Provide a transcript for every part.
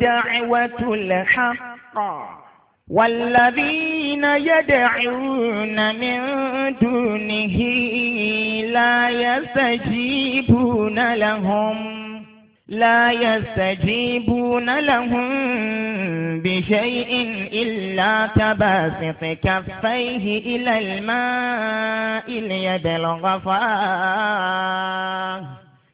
دعوة الحق والذين يدعون من دونه لا يستجيبون لهم لا يستجيبون لهم بشيء إلا تباسط كفيه إلى الماء ليبلغ فاه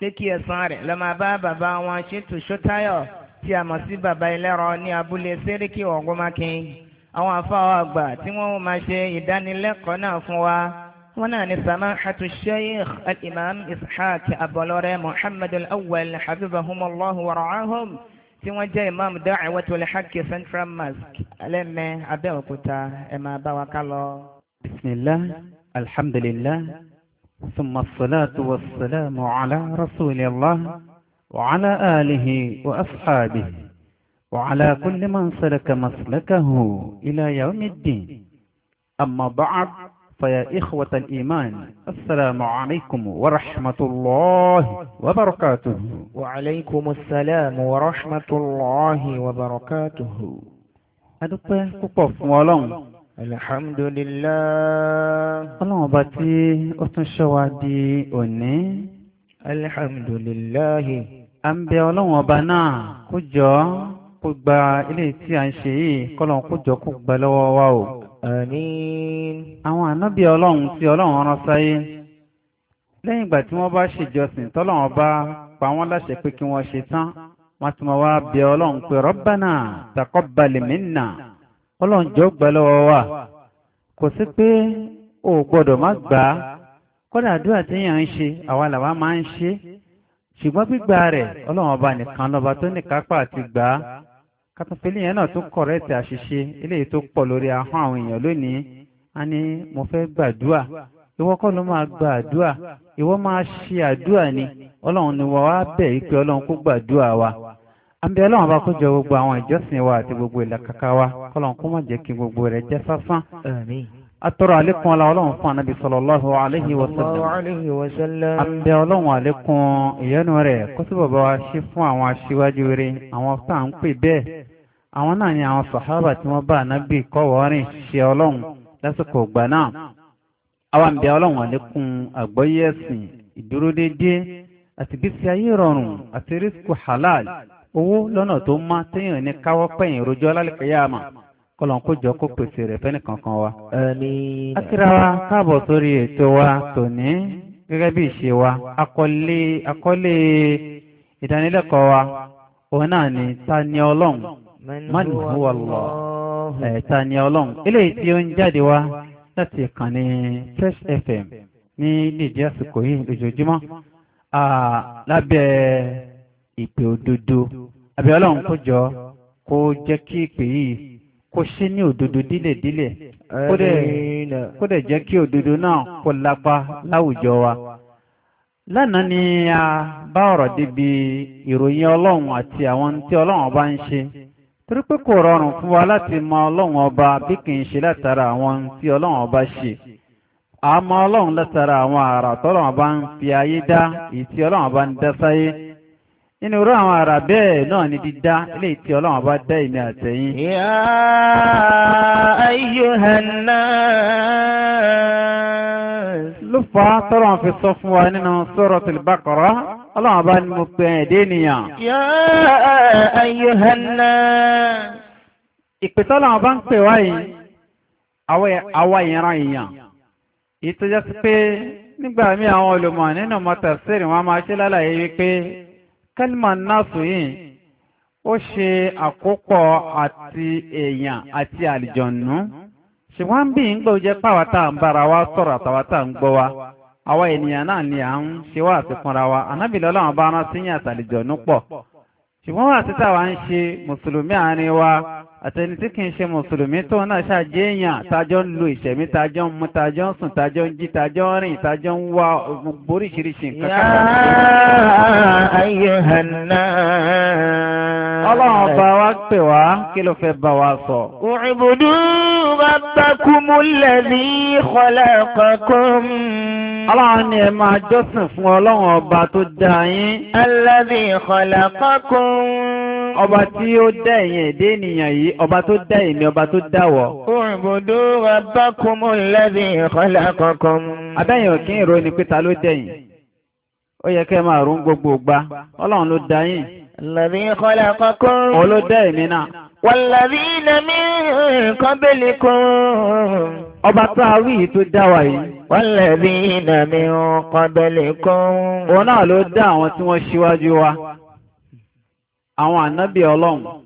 pé kí ẹ̀san rẹ̀ lọ máa bá bàbá wọn ṣètò ṣótáyọ̀ tí a mọ̀ sí bàbá ẹlẹ́rọ ní abúlé sẹ́ríkì ọ̀gọ́mákin àwọn afáwọ̀ àgbà tí wọ́n máa ṣe ìdánilẹ́kọ̀ọ́ náà fún wa wọn náà ní samahatu sheikh al-imam ishaq abọlọrẹ muhammad al-awwal habibahumallahu warahum tí wọ́n jẹ́ imam da'watul haqq central mosque alẹ́mẹ́ abẹ́òkúta ẹ̀ máa bá wa ká lọ. bismillah alhamdulillah. ثم الصلاة والسلام على رسول الله وعلى آله وأصحابه وعلى كل من سلك مسلكه إلى يوم الدين أما بعد فيا إخوة الإيمان السلام عليكم ورحمة الله وبركاته وعليكم السلام ورحمة الله وبركاته أدوك كوكوف ولون alhamdulillah. ọlọ́run ọba tí ó tún ṣọ́ wa di òní. alhamdulillah. a ń bẹ ọlọ́run ọba náà kó jọ kó gba ilé tí a ń ṣe yìí kọ́lọ́run kó jọ kó gba lọ́wọ́ wa o. àmín. àwọn ànábì ọlọ́run tí ọlọ́run rán sáyé lẹ́yìn ìgbà tí wọ́n bá ṣèjọsìn tọ́lọ́run bá pa wọ́n láṣẹ pé kí wọ́n ṣe tán wọ́n ti máa wá bẹ ọlọ́run pé rabbana taqabbal minna ọlọ́run jọ gbà lọ́wọ́ wa kò sí pé o gbọ́dọ̀ má gbà á kódà àdúrà tí yàn ń ṣe àwa làwa máa ń ṣe ṣùgbọ́n gbígbà rẹ̀ ọlọ́run ọba nìkan lọ́ba tó ní kápá àti gbà á kátàfẹ́lì yẹn náà tún kọ̀rẹ́ẹ̀tì àṣìṣe eléyìí tó pọ̀ lórí ahọ́n àwọn èèyàn lónìí a ní mo fẹ́ gbàdúà ìwọ kọ́ ló máa gba ìwọ máa ṣe àdúà ni ọlọ́run ni wọ́n wá bẹ̀ yí pé ọlọ́run kó gbàdúà wa àbí ọlọ́run bá kójọ gbogbo àwọn ìjọsìn wa àti gbogbo ìlàkàkà wa kọ́lọ̀ kó má jẹ́ kí gbogbo rẹ̀ jẹ́ sásán. atọ́rọ àlékún ọlá ọlọ́run fún anábì sallallahu alaihi wa sallam. àbí ọlọ́run àlékún ìyọ́nú rẹ̀ kó sì bàbá wa ṣe fún àwọn aṣíwájú rẹ̀ àwọn tá à ń pè bẹ́ẹ̀. àwọn náà ni àwọn sàhábà tí wọ́n bá anábì kọ́wọ́ọ́rìn ṣe ọlọ́run lásìkò ìgbà náà. àwa àbí ọlọ́run àlékún àgbọ́yé ẹ̀sìn ìdúródédé owó lọ́nà tó má téèyàn ní káwọ́ pẹ̀yìn rojọ́ ya kọlọ̀n kó jọ kó pèsè rẹ̀ fẹ́ni kankan wa. akíra káàbọ̀ sórí ètò wa tòní gẹ́gẹ́ bí ìṣe wa akọ́lé ìdánilẹ́kọ̀ọ́ wa òun náà ni ta ni ọlọ́run mani huwa Allah ẹ̀ ta ni ọlọ́run eléyìí tí ó ń jáde wa láti ìkànnì Fresh FM ní dídí àsìkò yìí lójoojúmọ́ lábẹ́ ìpè òdodo àbí ọlọ́run kó jọ kó jẹ́ kí ìpè yìí kó ṣí ní òdodo dílẹ̀dílẹ̀ kó dẹ̀ jẹ́ kí òdodo náà kó lápá láwùjọ wa. lánàá ni a bá ọ̀rọ̀ débi ìròyìn ọlọ́run àti àwọn tí ọlọ́run bá ń ṣe torí pé kò rọrùn fún wa láti mọ ọlọ́run ọba bí kì í ṣe látara àwọn tí ọlọ́run ọba ṣe àmọ́ ọlọ́run látara àwọn àrà tọ́lọ́run ọba ń fi ayé dá ìtì ọlọ́run ọba ń dá sáyé inú rú àwọn àrà bẹ́ẹ̀ náà ni dídá ilé tí ọlọ́run bá dá ìmẹ́ àtẹ̀yìn. Ya ayyuhan nas. ló fà á tọ́rọ̀ fi sọ fún wa nínú Suratul Baqara ọlọ́run bá ní mo pe ẹ̀dẹ́ ènìyàn. Ya ayyuhan nas. ìpètọ́lọ́run bá ń pè wá yìí àwa ìran èèyàn ìtọ́jọ́ sí pé nígbà míì àwọn olùmọ̀ nínú mọ́tà wọn máa ṣe lálàyé wípé kẹ́lìmà náàsù yìí ó ṣe àkópọ̀ àti èèyàn àti àlìjọ̀nù ṣùgbọ́n bí ń gbọ́ jẹ́ pàwọ́ tá à ń bára wa sọ̀rọ̀ àtàwọn tá à ń gbọ́ wa àwa ènìyàn náà ni à ń ṣe wá àti fúnra wa anábìlẹ̀ ọlọ́run bá rán sí yín àtàlìjọ̀nù pọ̀ ṣùgbọ́n wà sí táwa ń ṣe mùsùlùmí àárín wa àtẹni tí kìí ṣe mùsùlùmí tó náà ṣàjẹ́ èèyàn tájọ́ ń lo ìṣẹ̀mí tájọ́ ń mú tájọ́ ń sùn tájọ́ ń jí tájọ́ ń rìn tájọ́ ń wá oríṣiríṣi nǹkan kan. ọlọ́run ọba wa pè wá kí ló fẹ́ bá wa sọ. u'budu rabbakumul ladhi khalaqakum. ọlọ́run ni ẹ máa jọ́sìn fún ọlọ́run ọba tó dá yín. alladhi khalaqakum. ọba tí ó dá ẹ̀yin ènìyàn yìí ọba tó dá èmi ọba tó dá wọ. U'budu rabbakumul ladhi khalaqakum. Abẹ́yìn òkè ìró ni pé ta ló dẹ̀yìn. Ó yẹ kẹ́ máa rún gbogbo gbá. Ọlọ́run ló dá yín. Alladhi khalaqakum. Òun ló dá èmi náà. Walladhina min qablikum. Ọba tó awí yìí tó dá wa yìí. Walladhina min qablikum. Òun náà ló dá àwọn tí wọ́n ṣíwájú wa. Àwọn ànábì Ọlọ́run.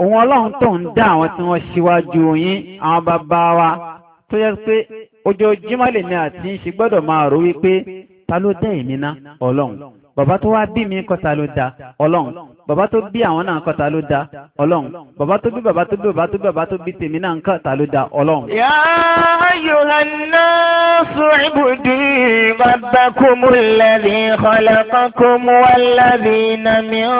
òun ọlọ́run tó ń dá àwọn tí wọ́n ṣíwájú yín àwọn bàbá wa tó yẹ pé ojoojúmọ́ lè ní àti ń ṣe gbọ́dọ̀ máa rò wípé ta ló dá èmi ọlọ́run bàbá tó wá bí mi kọta ló da ọlọ́run bàbá tó bí àwọn náà kọta ló da ọlọ́run bàbá tó bí bàbá tó bí bàbá tó bí bàbá tó bí tèmi náà kọta ló da ọlọ́run. yà á yọ̀rọ̀ náà sùn ibùdí rabbakumu alladhi khalaqakum walladhina min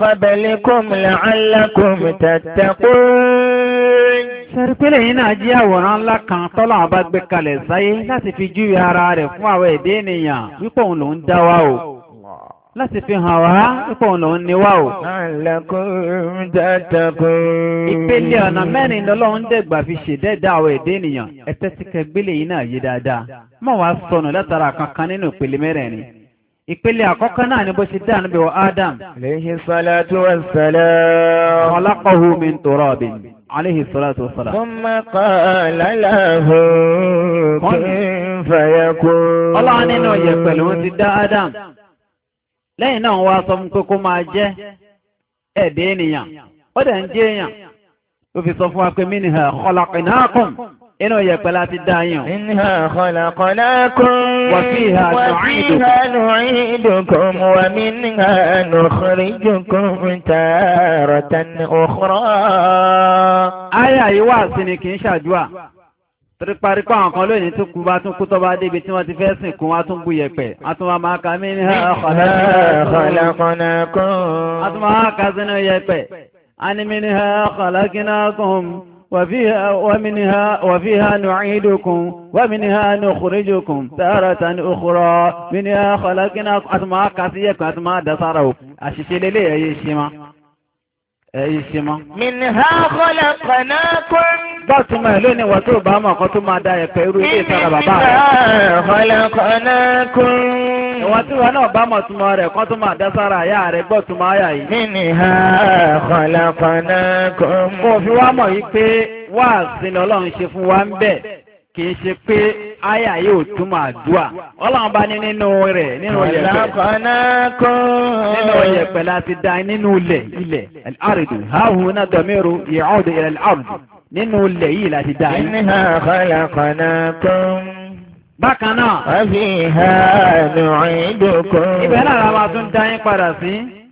qablikum la'allakum tattaqun. sẹ́rípẹ́lẹ̀ yìí náà jẹ́ àwòrán ńlá kan tọ́lá àbá gbé kalẹ̀ sáyé láti fi júwe ara rẹ̀ fún àwọn èdè ènìyàn wípé òun ló dá wa o láti fi hàn wá pípọ̀ lòun ni wá o. Àlàkùn dáadákùn. Ìpele ọ̀nà mẹ́rin lọ́lọ́run dẹ̀gbà fi ṣèdẹ́dá àwọn èdè ènìyàn. Ẹ tẹ́tí kẹgbélé yìí náà yé dáadáa. Má wàá sọnù látara kankan nínú ìpele mẹ́rẹ̀ẹ̀rin. Ìpele àkọ́kọ́ náà ni bó ṣe dá níbi wọ Ádám. Alayhi salatu wassalam. Khalaqahu min turabin. Alayhi salatu wassalam. Thumma qala lahu kun fayakun. Ọlọ́run nínú yẹ̀pẹ̀ lòun ti dá Ádám lẹ́yìn náà wá sọ fún pé kó máa jẹ́ ẹ̀dẹ́ ènìyàn ó dẹ̀ ń jẹ́ èèyàn ó fi sọ fún wa pé minha khalaqnakum inú yẹ̀pẹ̀ láti dá yàn. minha khalaqnakum wa fiha nu'idukum wa minha nukhrijukum taratan ukhra. ayé àyíwá sí ni kì torí parípa àwọn kan lónìí tó kú bá tún kú tọ́ba débi tí wọ́n ti fẹ́ sìn kún wá tún bú yẹpẹ̀ a tún wá máa ka mí ní ọ̀kọ̀lẹ́kọ̀ọ́kún a tún máa ka sínú yẹpẹ̀ a ní mí ní ọ̀kọ̀lẹ́kọ̀ọ́kún وفيها نعيدكم ومنها نخرجكم تارة أخرى منها خلقناكم أتما كاسيكم أتما دسارو أشتلي لي أي شيء ẹ̀yí sí mọ́. Mìnìhá kọ́lẹ̀ pẹ̀nákún. Bọ́ọ̀sì mọ̀ ẹ̀ lónìí wọ́n tó bá mọ̀ kan tó máa da ẹ̀pẹ̀ irú ilé ìtara bàbá rẹ̀. Mìnìhá kọ́lẹ̀ pẹ̀nákún. Ìwọ̀n tí wọn náà bá mọ̀ túmọ̀ rẹ̀ kan tó máa dá àyà rẹ̀ gbọ́ túmọ̀ àyà yìí. Mìnìhá kọ́lẹ̀ pẹ̀nákún. Mo fi wá mọ̀ yìí pé wáàsí ni Ọlọ́run ṣe fún wa ń bẹ̀ kìí ṣe pé àyà yóò túmọ̀ àdúà ọlọ́run bá ní nínú rẹ̀ nínú yẹ̀pẹ̀. ọ̀làkọ̀ọ́nà kọ́. nínú yẹ̀pẹ̀ láti dá nínú ilẹ̀ ilẹ̀ àrùdù háhùn náà dọ̀míru ìhàwùdù ilẹ̀ àrùdù nínú ilẹ̀ yìí láti dá. ìníhà ọ̀làkọ̀ọ́nà kọ́. bákan náà. wọ́n fi hà nù ìdókòó. ibẹ̀ náà la máa tún dá yín padà sí.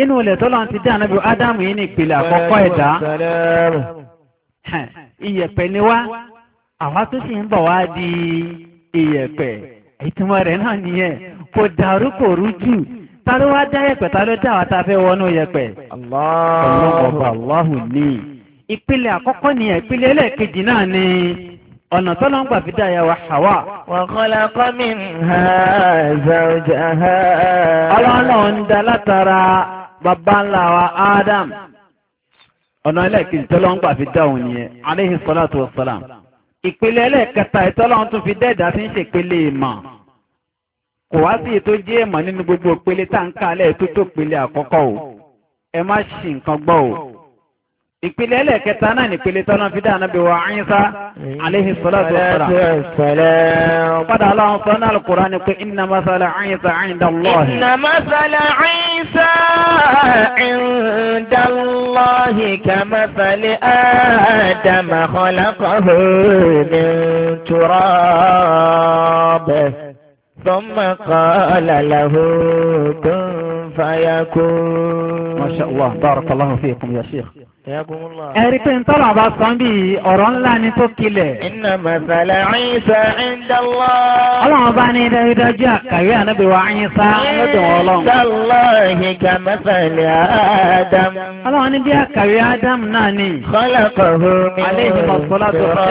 inú ilẹ̀ tọ́lọ́ ti dá ànábì ádámù yìí ní ìpìlẹ̀ àkọ́kọ́ ẹ̀dá ìyẹ̀pẹ̀ ni wá àwa tó sì ń di ìyẹ̀pẹ̀ ìtumọ̀ rẹ̀ náà nìyẹn kò dàrú kò rújú ta wá dá yẹ̀pẹ̀ ta dá àwa tá fẹ́ wọnú yẹ̀pẹ̀. ni ìpìlẹ̀ àkọ́kọ́ nìyẹn ìpìlẹ̀ ẹlẹ́ẹ̀kejì náà ni. ọ̀nà tọ́lọ́ ń gbà fi dáyà wa Hawa. wa khalaqa minha zawjaha. ọlọ́run ń da Adam. ọ̀nà ẹlẹ́ẹ̀kejì tọ́lọ́ ń gbà fi dá òun yẹn salatu wa ìpele ẹlẹ́ẹ̀kẹta ìtọ́lọ́run tún fi dẹ́ẹ̀dá sí ń ṣèpele ìmọ̀. kò wá sí ètò jẹ́ ìmọ̀ nínú gbogbo ìpele tá à tó tó ìpele àkọ́kọ́ o. ẹ má ṣì ìpele ẹlẹ́ẹ̀kẹta náà nìpele tọ́nà fi dá ànábì wa Ìsá aléhi sọ́láàtù ọ̀sọ́rà. padà aláwọn sọ náà Al-Qur'an ni pé inna masala Ìsá inda Allahi. inna masala Ìsá inda Allahi ka masali Adama khalaqahu min turab. ثم قال له كن فيكون ما شاء الله بارك الله فيكم يا شيخ ẹ̀rí pé ń tọ́lọ̀ bá sọ bí ọ̀rọ̀ ńlá ni tó kilẹ̀. iná masala Isa inda Allah. ọlọ́run bá ní ìdájú àkàrí ànábì wa Ìsá lọ́dọ̀ ọlọ́run. sálọ́ọ̀hì kàmẹ́fẹ̀lẹ̀ Ádámù. ọlọ́run ní bí àkàrí Ádámù náà ni. kọ́lá kọ̀ọ̀hó mi ò rí ọ̀ọ́. الشيخ آدم الصلاة والسلام عليه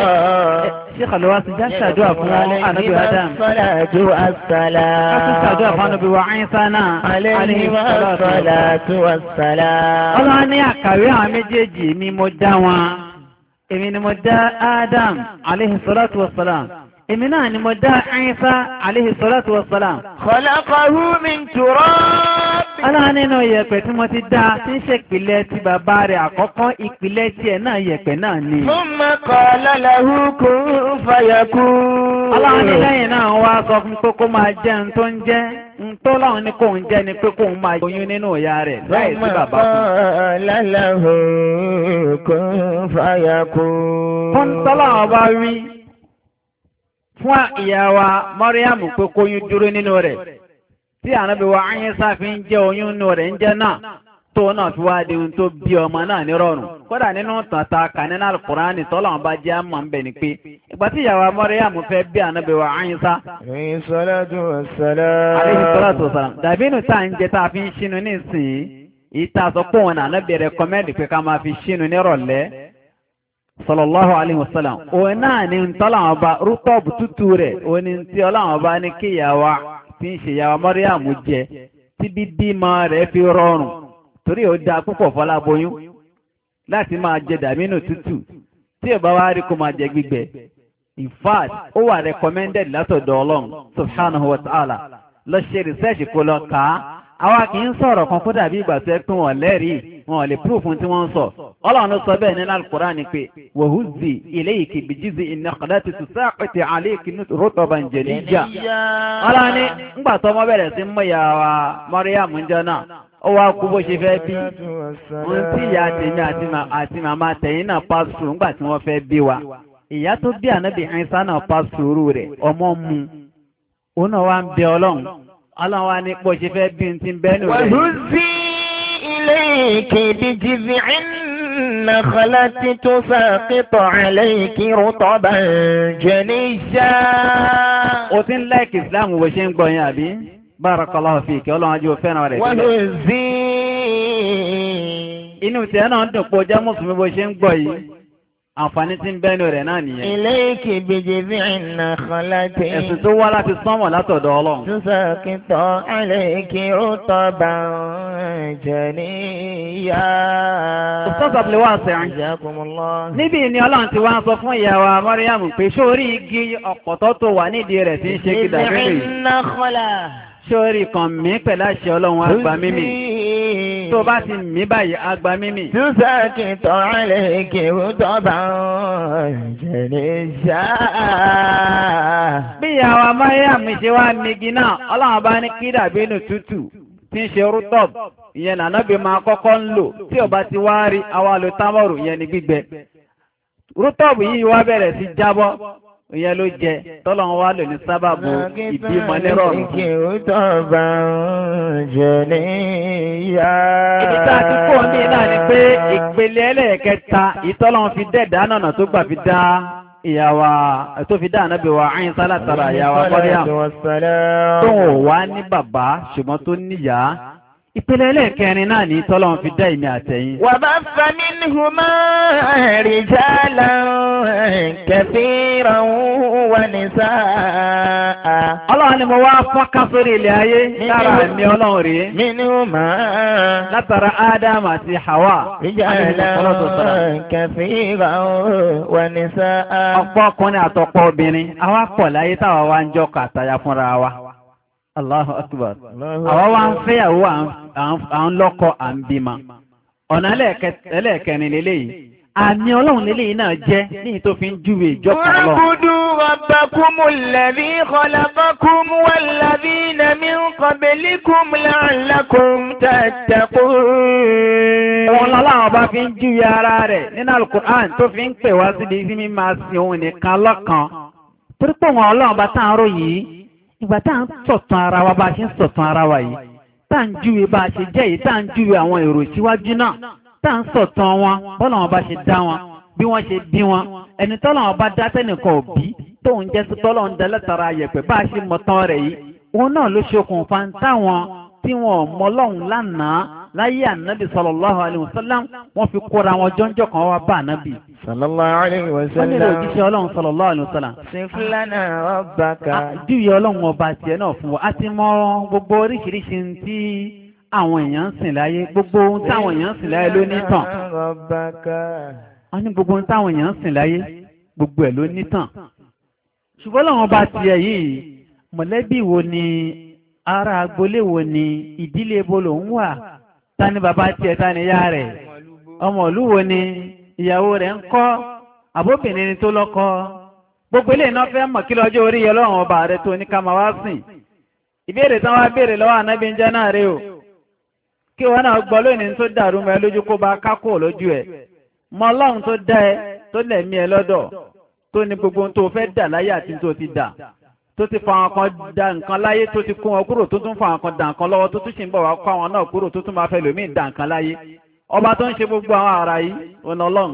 الصلاة والسلام الله أني أكوي عمجيجي مي مدوا إمي مدى آدم عليه الصلاة والسلام èmi náà ni mo dá Ìsá alayhi salatu wa salam. khalaqahu min turab. aláwọ̀ nínú ìyẹ̀pẹ̀ tí mo ti dá tí ń ṣèpìlẹ̀ ti bàbá rẹ̀ àkọ́kọ́ ìpìlẹ̀ tiẹ̀ náà ìyẹ̀pẹ̀ náà ni. thumma qala lahu kun fayakun. aláwọ̀ ní lẹ́yìn náà wá sọ fún pé kó máa jẹ́ ń tó ń jẹ́ ń tó láwọn ní kò ń jẹ́ ni pé kò ń máa oyún nínú ìyá rẹ̀ láì sí bàbá fún. qala lahu kun fayakun. fún tọ́lá fún ìyàwó wa Mọ́ríàmù pé kóyún dúró nínú rẹ̀ tí ànábì wa fi ń jẹ́ oyún nínú rẹ̀ ń jẹ́ náà tó náà fi wá di ohun tó bí ọmọ náà nírọ̀rùn kódà nínú tàta kànínà Al-Kùránì bá jẹ́ àmọ́ ń Mọ́ríàmù fẹ́ bí wa Sọlá. salatu tá à ń fi ń nísìnyí ìta sọ pé òun sallallahu alayhi wa sallam òun náà ni ń tọ́lá wọn bá rútọ́ọ̀bù tútù rẹ̀ òun ni tí ọlọ́wọ́n bá ní kíyàwó tí ń ṣe yàwó mọ́ríàmù jẹ tí bíbímọ rẹ̀ fi rọrùn torí ó dáa púpọ̀ fọláboyún láti máa jẹ dàmínú tútù tí ò bá wá rí kó máa jẹ gbígbẹ in fact ó wà recommended látọ̀dọ̀ ọlọ́run subhanahu wa ta'ala lọ ṣe research kó lọ kà á àwa kì í sọ̀rọ̀ kan kó dàbí ìgbà tó ẹ pé wọ́n lẹ́rìí wọ́n lè proof tí wọ́n sọ ọlọ́run sọ bẹ́ẹ̀ nínú alukur'an pé ile ilayki bìjìzì ìnàkọ̀láti tùsáàkìtì àléèkì rọ́tọ̀bà jẹ̀líjà. ọlọ́run ní ńgbà tó mọ́ bẹ̀rẹ̀ sí mọ́ ìyá wa Maryam jọ náà ó wá kú bó ṣe fẹ́ bí ohun tí ìyá tèmi àti màmá tẹ̀yìn náà pa ńgbà tí wọ́n wa. ìyá tó bí ànábì pa rẹ̀ ọmọ mu ọlọ́run wá النخلة تساقط عليك رطبا جنيا ó ti ń láìkì ìsìláàmù wo ṣe ń gbọ́ yín àbí barakallahu fiki ọlọ́run ajé òfẹ́ràn rẹ̀ sílẹ̀ inú tẹ́ náà ń dùn pé jẹ́ mùsùlùmí bó ṣe ń gbọ́ yìí àǹfààní tí ń bẹ́nu rẹ̀ náà nìyẹn. ilé ìkè bèjè bí ìnà kan láti. ẹ̀sùn tó wá láti sánmọ̀ látọ̀dọ̀ ọlọ́run. túnṣe kìtọ́ ilé ìkè ó tọ́ bá jẹ níyà. Ustaz Abdulwahab Sa'id. níbi ìní ọlọ́run ti wá sọ fún ìyá wa pé sórí igi ọ̀pọ̀tọ́ tó wà nídìí rẹ̀ tí ń ṣe kìdàbí rẹ̀. sórí kan mi pẹ̀lú àṣẹ ọlọ́run àgbà mímì. tó bá ti mí báyìí agbamimi. mímì. júùsà kì í tọ́ ilé kìrú tọ́ba jẹ̀lẹ̀ ṣá. bí ṣe wá migi náà ọlọ́run bá ní kí dàbí inú tútù tí ń ṣe ìyẹn kọ́kọ́ ń tí ti wá rí àwa lò támọ̀rù ìyẹn ní gbígbẹ. yìí wá bẹ̀rẹ̀ ìyẹn ló jẹ tọ́lọ̀ ń wá lò ní sábàbù ìbímọ nírọ̀rùn. kí o tó bá jẹ ní ìyá. ibi tá a ti kó ní náà ni pé ìpele ẹlẹ́ẹ̀kẹta ìtọ́lọ́run fi dẹ̀dá nànà tó gbà fi dá ìyàwó tó fi dá ànábì wa ayin sálà tara ìyàwó kọ́ríyàm. tóun ò wá ní bàbá ṣùgbọ́n tó níyàá. Ìpele ẹlẹ́ẹ̀kẹrin náà ní tọ́lọ́run fi dá ìmì àtẹ̀yìn. Wà bá fa minhuma rijalan kathiran wa nisaa. Ọlọ́run ni mo wá fọ́nká sórí ilẹ̀ ayé lára ẹ̀mí ọlọ́run rèé. Minhuma. Látara Ádámù àti Hawa. Rijalan kathiran wa nisaa. Ọ̀pọ̀ ọkùnrin àtọ̀pọ̀ obìnrin, àwa pọ̀ láyé táwa wá ń jọ kàtàyà fúnra wa. Allahu akbar. Àwa wa ń fẹ́yàwó à ń lọ́kọ à ń bímọ. Ọ̀nà ẹlẹ́ẹ̀kẹrin lélẹ́yìí. Àmì ọlọ́run lélẹ́yìí náà jẹ́ níyìí tó fi ń júwe ìjọkọ̀ lọ. Wàbúdú rabbakumu alladhi khalaqakum walladhina min qablikum la'allakum tattaqun. Òun lọ́láwọ̀ bá fi ń júwe ara rẹ̀ nínú al tó fi ń pè wá síbi tí mi máa sin òun nìkan lọ́kan. Torí pé òun ọlọ́run bá tá à ń ròyìn yìí ìgbà tá à ń sọ̀tàn ara wa bá a ṣe ń sọ̀tàn ara wa yìí tá à ń júwe bá a ṣe jẹ́ yìí tá à ń júwe àwọn èrò síwájú náà tá à ń sọ̀tàn wọn bọ́lá wọn bá ṣe dá wọn bí wọ́n ṣe bí wọn ẹni tọ́lá wọn bá dá tẹ́nìkan ò bí tóun jẹ́ sí tọ́lá ń dalẹ́tara ayẹ̀pẹ̀ bá a ṣe mọ̀tàn rẹ̀ yìí òun náà ló ṣokùnfà táwọn tí wọn ò mọ lánàá láyé ànábì sallallahu alaihi wasallam wọ́n fi kóra wọn jọ́njọ́ kan wá bá ànábì. sallallahu alaihi wasallam. wọ́n nílò òjíṣẹ́ ọlọ́run sallallahu alaihi wasallam. sinfilana rabbaka. àdìyẹ ọlọ́run ọba tiẹ̀ náà fún wa a ti mọ gbogbo oríṣiríṣi ti àwọn èèyàn ń sìn láyé gbogbo ohun táwọn èèyàn ń sìn láyé ló ní tàn. ní gbogbo ohun táwọn èèyàn sìn láyé gbogbo ẹ̀ ló ní ṣùgbọ́n ọlọ́run ọba tiẹ̀ yìí mọ̀lẹ́bí wo ni ara agbolé wo ni ìdílé bolo ń wà tani bàbá tiẹ̀ tani ìyá rẹ̀ ọmọ olúwo ni ìyàwó rẹ̀ ń kọ́ ni tó gbogbo ilé iná fẹ́ mọ̀ kí lọ́jọ́ orí yẹ ọba rẹ̀ tó ní ká máa wá sìn ìbéèrè tán wá béèrè lọ́wọ́ ń jẹ́ náà o kí wọn náà gbọ́ lónìí tó dàrú mọ́ ẹ lójú kó bá mọ ọlọ́run tó dá ẹ tó lẹ̀mí ẹ lọ́dọ̀ tó ní gbogbo ohun tó fẹ́ dà láyé àti tó ti fa àwọn da nǹkan láyé tó ti kún wọn kúrò tó tún fa àwọn da nǹkan lọ́wọ́ tó tún ṣì ń bọ̀ wá kó àwọn náà kúrò tó tún máa fẹ́ da nǹkan láyé ọba tó ń ṣe gbogbo àwọn ara yìí ọ̀nà ọlọ́run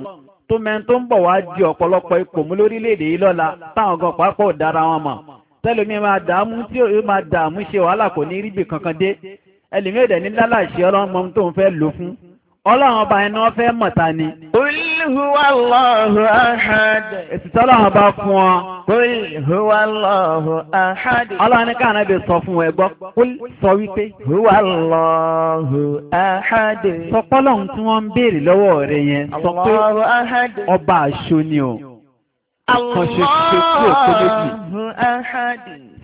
tó tó ń bọ̀ wá di ọ̀pọ̀lọpọ̀ ipò mú lórílẹ̀‐èdè yìí lọ́la táwọn gan pàápọ̀ dára wọn mọ̀ máa dààmú tí ó máa dààmú ṣe wàhálà kò ní ọlọ́run ọba ẹni wọ́n mọ̀ta ni. Qul ọba fún ọ. ọlọ́run ní káàná sọ fún ẹ gbọ́ sọ wípé. huwa tí wọ́n ń béèrè lọ́wọ́ rẹ yẹn sọ pé ọba àṣọ ni o.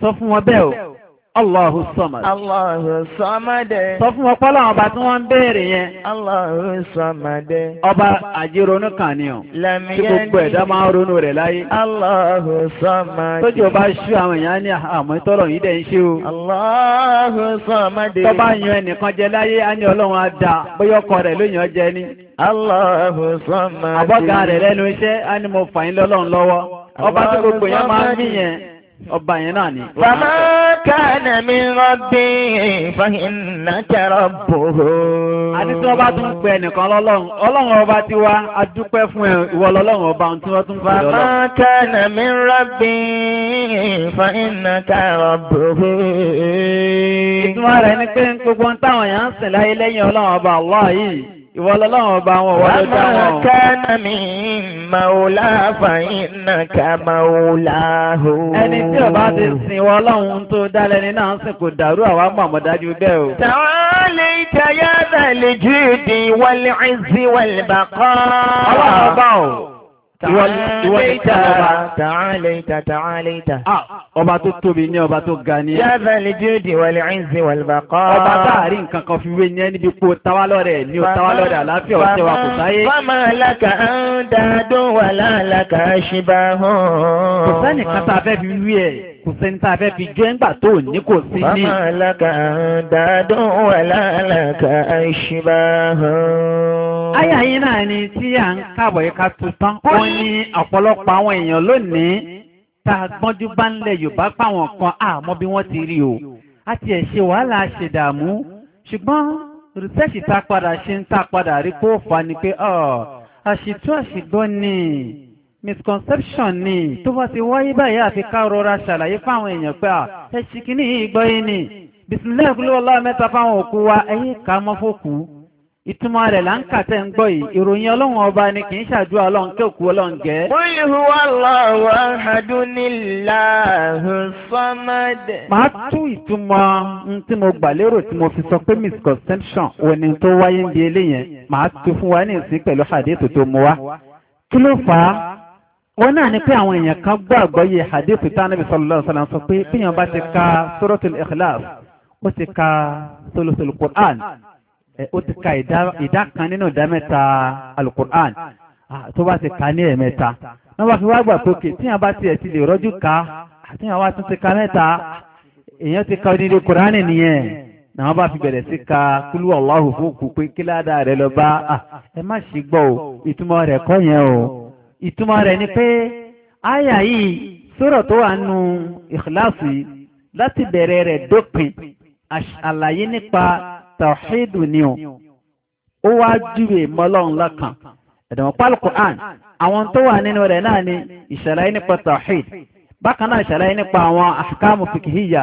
sọ fún wọn bẹ́ẹ̀ o. Allahu Samad. Allahu Samad. Sọ fún ọpọ́ láwọn ọba tí wọ́n ń béèrè yẹn. Allahu Samad. Ọba àjíronú kan ni ọ̀. Lẹ́mìyẹ́ ní. Tí gbogbo ẹ̀dá máa ń ronú rẹ̀ láyé. Allahu Samad. Tójú ọba ṣú àwọn ní ah, àmọ́ ìtọ́rọ̀ yìí dẹ̀ ń ṣe o. Allahu Samad. Tọ́ba yan ẹnìkan jẹ láyé, Ọlọ́run á da, bóyá ọkọ rẹ̀ Allahu rẹ̀ lẹ́nu iṣẹ́, ní mo fà ọba yẹn náà ni. Bàbá kàánà mi rọ́bì fàhínà ihe bòrò. Àti tí wọ́n tún pẹ nìkan lọ́lọ́run, ọlọ́run ọba ti wá, a dúpẹ́ fún ẹ ìwọ lọ́lọ́run ọba tí wọ́n tún fún mi rọ́bì fàhínà kẹrọ bòrò. Ìtumọ̀ rẹ̀ ni pé gbogbo táwọn ń sìn láyé lẹ́yìn ọlọ́run ọba Ìwọ lọ́lọ́run ọba wọn wọ́n ló dá wọn. Wàmà kánà mi màúlá fàyínà ká màúlá hù. Ẹni tí ọba ti sin ìwọ ọlọ́run tó dálẹ̀ ní náà ń sìn kò dàrú àwa mọ̀mọ́ dájú bẹ́ẹ̀ o. Tàwálé ìtayá dàlejò ìdí wọlé ẹ̀sìn wọlé bàkọ́. Ọlọ́run ọba o. Tàálẹ́ta, tàálẹ́ta. Ah, ọba tó tóbi ní ọba tó ga ní. Yáàbá lè jẹ́ òdì wà lè rìn sí wà lè bà kọ́. Ọba táàrí nǹkan kan fi wé ní ẹni bí kó tawálọ́rẹ̀ ní o tawálọ́rẹ̀ àláfíà ọ̀tẹ́ wa kò sáyé. Fọ́mọ aláka ń dáadó wà láàláka ṣíbá hàn. Kò sẹ́nìkan tá a fẹ́ fi wí ẹ̀ kò sẹ́ni tá a fẹ́ fi jẹ́ ńgbà tó ní kò sí ní. bàbá alága dàdún wà láàlàkà hàn. àyà yín náà ni tí à ń kàbọ̀ yìí ká tó tán. wọ́n ní ọ̀pọ̀lọpọ̀ àwọn èèyàn lónìí tá a gbọ́njú bá ń lẹ Yorùbá páwọn kan àmọ́ bí wọ́n ti rí o. a tiẹ̀ ṣe wàhálà ṣèdààmú ṣùgbọ́n rìsẹ́ẹ̀ṣì tá a padà ṣe ń tá a padà rí kó fà ni pé àṣìtú àṣìgbọ́n ni misconception ni tó bá ti wáyé báyìí àfi ká rọra ṣàlàyé fáwọn èèyàn pé à ẹ ṣì kí ní ìgbọ́ yìí ni bisimilayi kúlẹ̀ ọlọ́wọ́ mẹ́ta fáwọn òkú wa ẹ̀yìn ká mọ́ fòkú ìtumọ̀ rẹ̀ là ń kà tẹ́ ń gbọ́ yìí ìròyìn ọlọ́run ọba ni kì í ṣàdúrà ọlọ́run kí òkú ọlọ́run gẹ́. tú ìtumọ̀ n tí mo gbà lérò tí mo fi sọ pé misconception òní tó wáyé ń di eléyẹn màá tú fún wa ní ìsín pẹ̀lú hadith tó mú wa. kí ló fà á wọn náà ni pé àwọn èèyàn kan gbọ́ àgbọ́yé hadith tánàbí sallallahu alaihi wasallam sọ pé bíyàn bá ti ka suratul ikhlas ó ti ka solosul quran ó ti ka ìdá kan nínú ìdá mẹ́ta alukur'an tó bá ti ka ní ẹ̀mẹ́ta wọ́n bá fi wá gbà pé tíyàn bá tiẹ̀ ti lè rọ́jú ka àtìyàn wá tún ti ka mẹ́ta èèyàn ti ka onílé quran nìyẹn làwọn bá fi bẹ̀rẹ̀ sí ka kúlú ọ̀láhùn fún òkú kíládà rẹ lọ bá ẹ má ṣì gbọ́ ìtumọ̀ rẹ̀ kọ́ yẹn o ìtumọ̀ rẹ̀ ni pé àyà yìí sọ̀rọ̀ tó wà nù ìkìláàsì láti bẹ̀rẹ̀ rẹ̀ dópin àlàyé nípa tàwíìdù ni o ó wá júwe mọ́lọ́run lọ́kàn ẹ̀dọ̀mọ̀ pálukùrán àwọn tó wà nínú rẹ̀ náà ni ìṣàlàyé nípa tàwíìd bákan náà ìṣàlàyé nípa àwọn àhkámù fìkìhíyà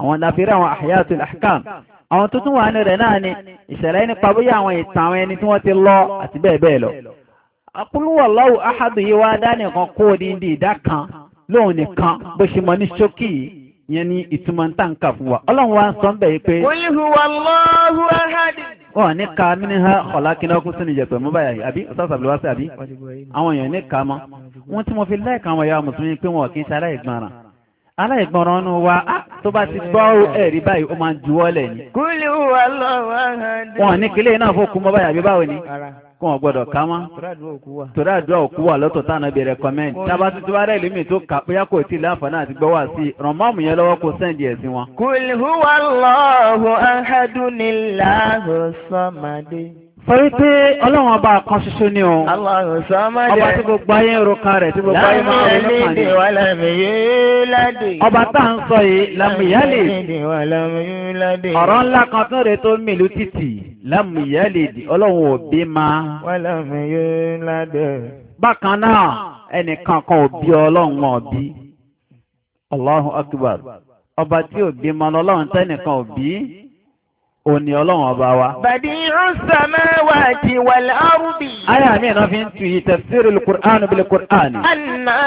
àwọn nàfẹ́rẹ́ àwọn àhíyàtò àhkám àwọn tó wà nínú rẹ̀ náà ni ìṣàlàyé nípa bóyá àwọn ìtàn àwọn ẹni tí wọ́n ti lọ àti bẹ́ẹ̀ bẹ́ẹ̀ lọ akúlùwọ̀láwù ahadu yìí wá dá nìkan kó o ní di ìdá kan lóun nìkan bó ṣe mọ ní ṣókì yẹn ní ìtumọ̀ ń tàǹkà fún wa ọlọ́run wa ń sọ ń yìí pé. qul huwallahu ọ ní ká mi ha ọ̀la kí náà kún sínú ìjẹ̀pẹ̀ mú báyà àbí ọ̀sán sàbílẹ̀ wá sí àbí àwọn èèyàn ní ká mọ́ wọn tí mo fi láìka àwọn ẹ̀yà mùsùlùmí pé wọn kì í ṣe aláìgbọràn aláìgbọràn wa ah, tó bá ti gbọ́ ẹ̀rí báyìí ni. qul huwallahu ahad. wọn ní kílé náà fó kú mọ́ báyà àbí báwo ni kún ọgbọ́dọ̀ ká mọ́ torí àdúrà òkú wà lọ́tọ̀ tánà bí recommend tábà tuntun bá rẹ̀ lómi tó kà bóyá kò tí ì láǹfààní àti gbọ́ sí i ràn mọ́ọ̀mù yẹn lọ́wọ́ kó sẹ́ǹdì ẹ̀ sí wọn. kul huwa Allahu samadi. Torí pé ọlọ́run ọba kan o. Ọba tí gbogbo ayé ń rokan rẹ̀ tí gbogbo ayé máa ń Ọba tá à ń sọ yìí lámùyálè. Ọ̀rọ̀ ńlá kan tó rè tó títì lámùyálè ọlọ́run òbí máa. Bákan náà kan òbí ọlọ́run Ọba tí òbí máa tẹ́nìkan òní ọlọ́run ọba wa. badi'us samawati wal ardi. ayà mi náà fi ń tu yìí tafsiri lukur'an bil kur'an. anna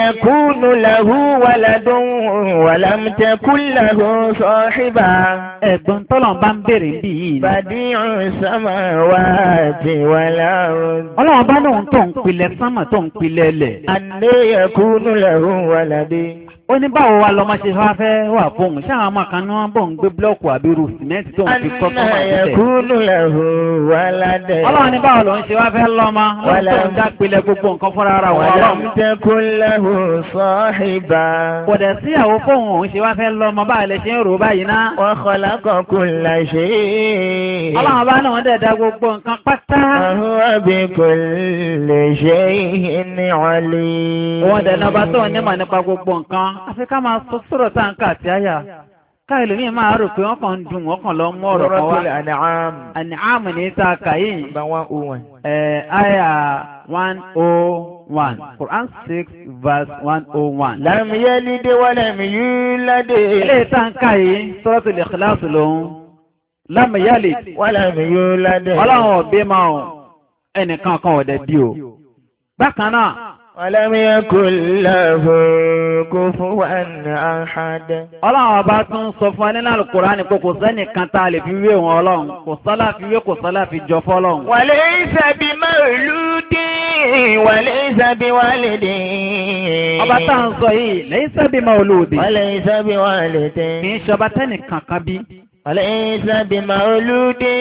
yakunu lahu waladun walam takun lahu sahiba. ẹ̀gbọ́n tọ́lọ̀ bá ń bèrè bí yìí. badi'us samawati wal ardi. ọlọ́run bá lóun tó ń pilẹ̀ sánmà tó ń pilẹ̀ lẹ̀. anna yakunu lahu waladun ó ní báwo wa lọ́mọ ṣe wá fẹ́ wà fóun ṣé àwọn ọmọ kan ní wọ́n bọ̀ ń gbé búlọ́ọ̀kù àbí ru sìmẹ́ǹtì tó ń fi kọ́ kọ́ máa tẹ̀. kúlù lẹ́hu wàládẹ́. ọlọ́run ní báwo ló ń ṣe wá fẹ́ lọ́mọ wọ́n tó ń dápilẹ̀ gbogbo nǹkan fúnra ara wọn. wàládẹ́ kúlẹ̀hu sọ́ọ̀hìbà. kò dẹ̀ síyàwó fóun òun ṣe wá fẹ́ lọ́mọ báyìí lè ṣe ń rò báyìí ná. wọ́n kọ́lá kọ̀ọ̀kùn afẹ́ká máa sọ sọ̀rọ̀ tá à ń kà àti àyà káyọ̀ lómi máa rò pé wọ́n kàn ń dùn wọ́n kàn lọ mú ọ̀rọ̀ kan wá àníàmù ní ta kàyé àyà one oh one Quran six verse one oh one. lam yalid wa lam yulad. ilé tá à ń kà yìí Suratul Ikhlas lòun lam yalid wa lam yulad. ọlọ́run ọ̀bí máa ẹnìkan kan ọ̀dẹ̀ bí o bákan náà. Ọlọ́run kò lọ́hù kó fún wa ní àhádẹ́. Ọlọ́run ọba tún sọ fún ẹni náà Kùránì pé kò sẹ́nì kan tá a lè fi wé wọn ọlọ́run, kò sọ́lá fi wé kò sọ́lá fi jọ fọ́lọ́run. Wa laysa bi mawludin, wa laysa bi walidin. Ọba tá ń sọ yìí, laysa bi mawludin. Wa laysa bi walidin. Kì í ṣọba tẹ́nì kankan bí. Wàlẹ̀ ìsàbí màálùdé.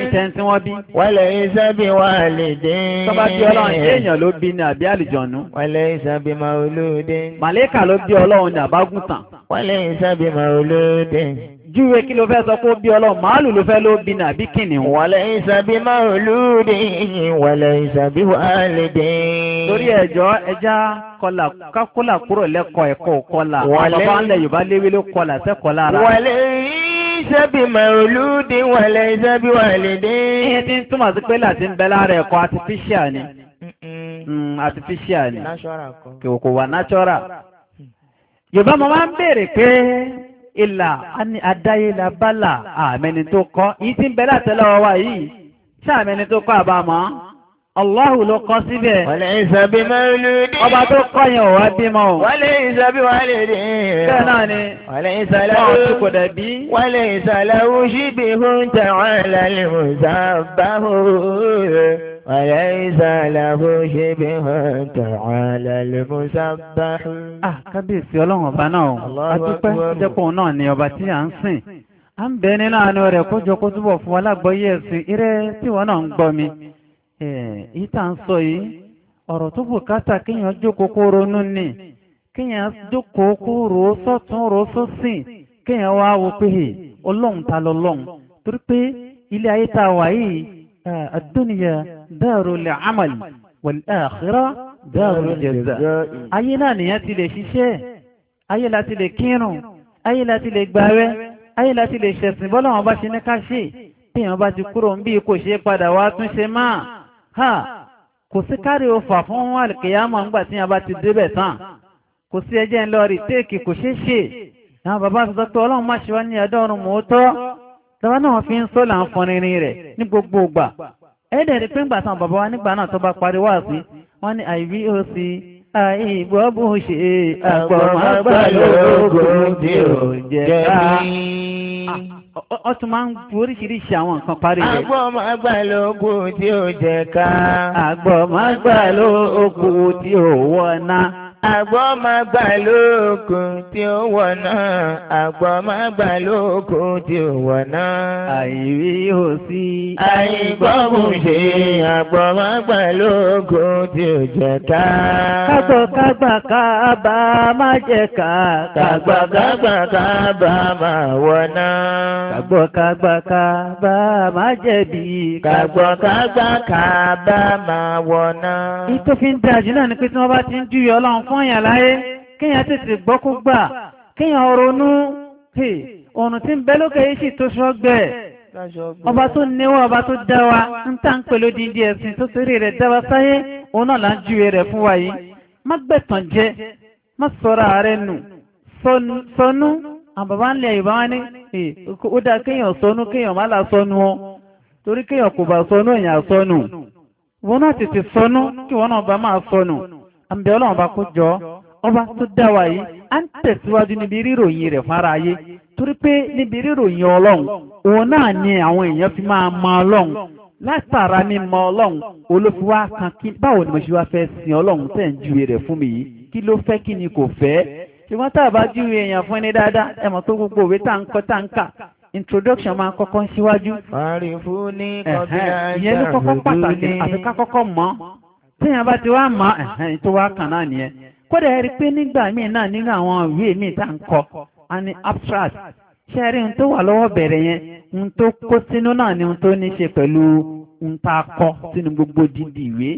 Ìṣẹ́ tí wọ́n bí. Wàlẹ̀ ìsàbí wàlìdé. Tọ́ba bí ọlọ́run ṣé èèyàn ló bí ni àbí àlìjọ̀nú? Wàlẹ̀ ìsàbí màálùdé. Màlẹ́kà ló bí ọlọ́run ní àbágùntàn. Wàlẹ̀ ìsàbí màálùdé. Júwe kí ló fẹ́ sọ pé ó bí ọlọ́run màálù ló fẹ́ ló bí ni àbí kìnìún? Wàlẹ̀ ìsàbí màálùdé. Wàlẹ̀ ìsàbí wàlìdé. Torí ẹ̀jọ́ ẹja kọlà kákólà kúrò lẹ́kọ̀ọ́ ẹ̀kọ́ kọlà. Wàlẹ̀ ìṣẹ́bí màálùdí wàlẹ̀ ìṣẹ́bí wàlẹ̀dé. Iye tí ń túmọ̀ sí pé láti ń bẹ lára ẹ̀kọ́ artificial ni. Mm, artificial ni. Kò wà natural. Yorùbá mo máa ń béèrè pé ìlà adáyélá bálà àmẹni tó kọ́. Yìí ti ń bẹ látẹ́lọ́wọ́ wa yìí. Ṣé àmẹni tó kọ́ àbámọ́? Allahu ló kọ síbẹ̀. Wàlẹ̀ ìsàbí mẹ́lúdí. Ọba tó kọ́yìn ọ̀wá bímọ. Wàlẹ̀ ìsàbí wàlẹ̀ dì. Bẹ́ẹ̀ náà ni. Wàlẹ̀ ìsàlẹ̀ ó ti kò dàbí. Wàlẹ̀ ìsàlẹ̀ ó ṣíbi fún tẹ̀wọ́n lálẹ́ mùsàbáhù. Wàlẹ̀ ìsàlẹ̀ ó ṣíbi fún tẹ̀wọ́n lálẹ́ mùsàbáhù. À kábíyèsí ọlọ́run ọba náà. A dúpẹ́ jẹ́pọ̀ náà ni ọba tí à ń sìn. À ń bẹ nínú àánú rẹ̀ kójọ kó túbọ̀ fún alágbọ́yé ẹ̀sìn irẹ́ tí wọ́n náà ń gbọ́ mi ìta ń sọ yìí ọ̀rọ̀ tó bùkátà kíyàn jókòó kó ronú ni kíyàn jókòó kó rò ó sọ́tún rò ó sósìn kíyàn wá wo pé ọlọ́run ta lọ́lọ́run torí pé ilé ayé tá wà yìí àdúnìyà darul amal wal akhirah darul jaza ayé náà nìyẹn ti lè ṣiṣẹ́ ayé láti lè kírun ayé láti lè gbààwẹ̀ ayé láti lè ṣẹ̀sìn bọ́lá wọn bá ṣe ní ká ṣe bí wọn bá ti kúrò ń bí kò ṣe padà wá tún ṣe máa. ha kò sí kárí o fún wọn àlùkìyàmọ̀ ńgbà tí yàn bá ti débẹ̀ tán kò sí ẹjẹ́ ńlọ rí téèkì kò ṣeé ṣe àwọn bàbá sọ pé ọlọ́run má ṣe wá ní náà fi ń sọ rẹ̀ ní gbogbo ìgbà ẹ̀ẹ́dẹ̀ rí pé ńgbà bàbá wa nígbà náà tó bá parí wá sí wọ́n ní ṣe tí ò ó tún máa ń bu oríṣiríṣi àwọn nǹkan parí rẹ̀. àgbọ̀ máa gbà lóògùn tí ò jẹ ká. àgbọ̀ máa gbà lóògùn tí ò wọ̀ náà. Àgbọ́ máa gbà lóògùn tí ó wọ̀ náà. Àgbọ́ máa gbà lóògùn tí ó wọ̀ náà. Àìrí ò sí. Àìgbọ́kùn ṣe àgbọ́ máa gbà lóògùn tí ó jẹ ká. Kágbọ̀kágbà kábà má jẹ ká. Kágbọ̀kágbà kábà má wọ̀ náà. Kágbọ̀kágbà kábà má jẹ̀bi. Kágbọ̀kágbà kábà má wọ̀ náà. Ìtòfin dájú náà ni pé tí wọ́n bá ti ń dúyọ̀ ọlọ́run fọ́nyà láyé kíyàn tètè gbọ́kúgbà kíyàn ronú ọ̀nà tí ń bẹ lókè yìí tó ṣọ́gbẹ̀ ọba tó níwọ̀ ọba tó dáwà ń tà ń pèlú dídí ẹ̀sìn tó torí rẹ̀ dáwa sáyé òun là ń júwe rẹ̀ fún wa yìí má gbẹ̀tàn jẹ má sọ̀rọ̀ ààrẹ nù sọnú àbàbá ńlẹ̀ yorùbá wá ní ó má là ọ torí kò bá sọnù àǹbẹ̀ ọlọ́run bá kó jọ ọba tó dá wa yìí à ń tẹ̀síwájú níbi ríròyìn rẹ̀ fara ayé torí pé níbi ríròyìn ọlọ́run òun náà ni àwọn èèyàn fi máa mọ ọlọ́run látara mímọ̀ ọlọ́run olófiwá kan kí báwo ni mo ṣe wá fẹ́ sin ọlọ́run tẹ̀ ń júwe rẹ̀ fún mi yìí kí ló fẹ́ kí ni kò fẹ́ ṣùgbọ́n tá a bá júwe èèyàn fún ẹni dáadáa ẹ mọ̀ tó gbogbo òwe tá à ń kọ́ tá à kà introduction máa kọ́kọ́ síwájú. ìyẹn ló kọ́kọ́ pàtàkì àfi kọ́kọ́ mọ̀ tíyàn bá ti wá mọ́ ẹ̀hẹ́n tó wá kàn náà nìyẹn kódà ẹ̀rí pé nígbà míì náà nínú àwọn ìwé míì tá à ń kọ a ní abstract ṣẹ́rí ń tó wà lọ́wọ́ bẹ̀rẹ̀ yẹn ń tó kó sínú náà ni ń tó ní ṣe pẹ̀lú ń tá a kọ sínú gbogbo dídì ìwé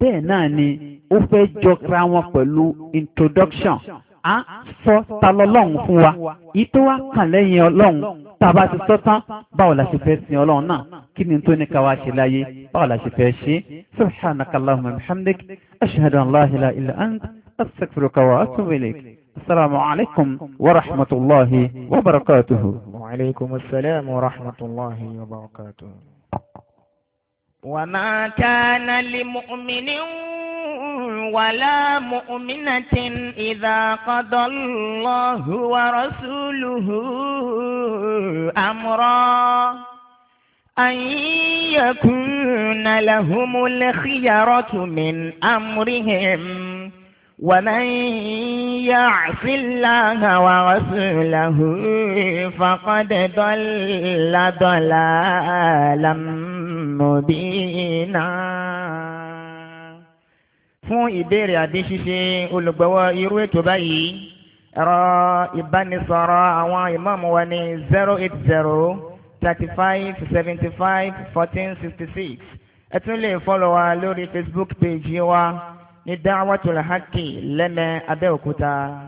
bẹ́ẹ̀ náà ni ó fẹ́ jọra wọn pẹ̀lú introduction à ń sọ ta lọ́lọ́run fún wa ìtò wa kàn lẹ́yìn ọlọ́run tàbá ti sọ tán báwo la ṣe fẹ́ sin ọlọ́run náà kí ni tó ní ká wá ṣe láyé báwo la ṣe fẹ́ ṣe subhanaka allahumma bihamdik ashhadu an la ilaha illa ant astaghfiruka wa alaykum wa rahmatullahi wa barakatuhu. wa alaykum assalam wa rahmatullahi wa barakatuhu. wa ma kana li mu'minin. ولا مؤمنة إذا قضى الله ورسوله أمرا أن يكون لهم الخيرة من أمرهم ومن يعص الله ورسوله فقد ضل ضلالا مبينا fún ìbéèrè àbí ṣíṣe olùgbọ́wọ́ irú ètò báyìí ẹ̀rọ ìbánisọ̀rọ̀ àwọn ìmáàmù wa ní zero eight zero thirty five seventy five fourteen sixty six ẹ tún lè fọ́lọ̀ wa lórí Facebook page wa ní Da'watul Haqqi lẹ́mẹ̀ẹ́ Abẹ́òkúta.